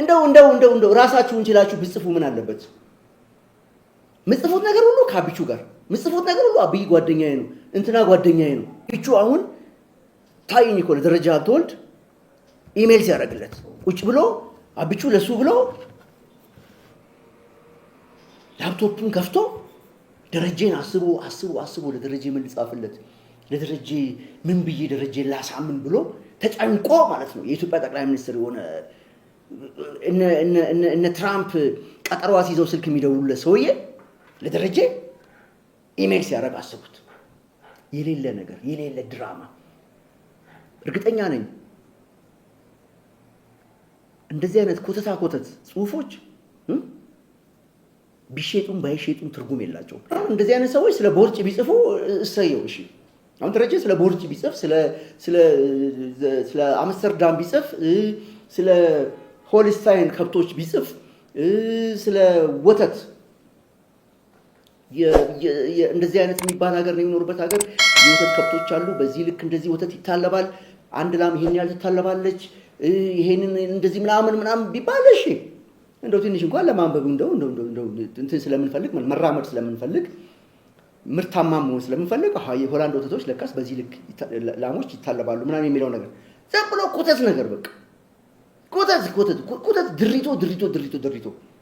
እንደው እንደው እንደው እንደው ራሳችሁን እንችላችሁ ብጽፉ ምን አለበት? ምጽፉት ነገር ሁሉ ከአብቹ ጋር ምጽፉት ነገር ሁሉ አብይ ጓደኛዬ ነው፣ እንትና ጓደኛዬ ነው። እቹ አሁን ታይኝ እኮ ለደረጃ ሀብተወልድ ኢሜል ሲያደርግለት ቁጭ ብሎ አብቹ ለሱ ብሎ ላፕቶፑን ከፍቶ ደረጀን አስቦ አስቦ አስቦ ለደረጀ ምን ልጻፍለት ለደረጀ ምን ብዬ ደረጀ ላሳምን ብሎ ተጨንቆ ማለት ነው የኢትዮጵያ ጠቅላይ ሚኒስትር የሆነ እነ ትራምፕ ቀጠሯ ሲይዘው ስልክ የሚደውሉለት ሰውዬ ለደረጀ ኢሜል ሲያደረግ አስቡት። የሌለ ነገር የሌለ ድራማ። እርግጠኛ ነኝ እንደዚህ አይነት ኮተታ ኮተት ጽሁፎች ቢሸጡም ባይሸጡም ትርጉም የላቸው እንደዚህ አይነት ሰዎች ስለ ቦርጭ ቢጽፉ እሰየው። እሺ አሁን ደረጀ ስለ ቦርጭ ቢጽፍ፣ ስለ አምስተርዳም ቢጽፍ፣ ስለ ሆሊስታይን ከብቶች ቢጽፍ ስለ ወተት እንደዚህ አይነት የሚባል ሀገር ነው የሚኖርበት ሀገር የወተት ከብቶች አሉ። በዚህ ልክ እንደዚህ ወተት ይታለባል። አንድ ላም ይሄን ያህል ትታለባለች። ይሄንን እንደዚህ ምናምን ምናምን ቢባል እሺ፣ እንደው ትንሽ እንኳን ለማንበብ እንደው እንትን ስለምንፈልግ መራመድ ስለምንፈልግ ምርታማ መሆን ስለምንፈልግ የሆላንድ ወተቶች ለካስ በዚህ ልክ ላሞች ይታለባሉ ምናምን የሚለው ነገር ዘብሎ ኮተት ነገር በቃ ኮተት ኮተት ኮተት ድሪቶ ድሪቶ ድሪቶ ድሪቶ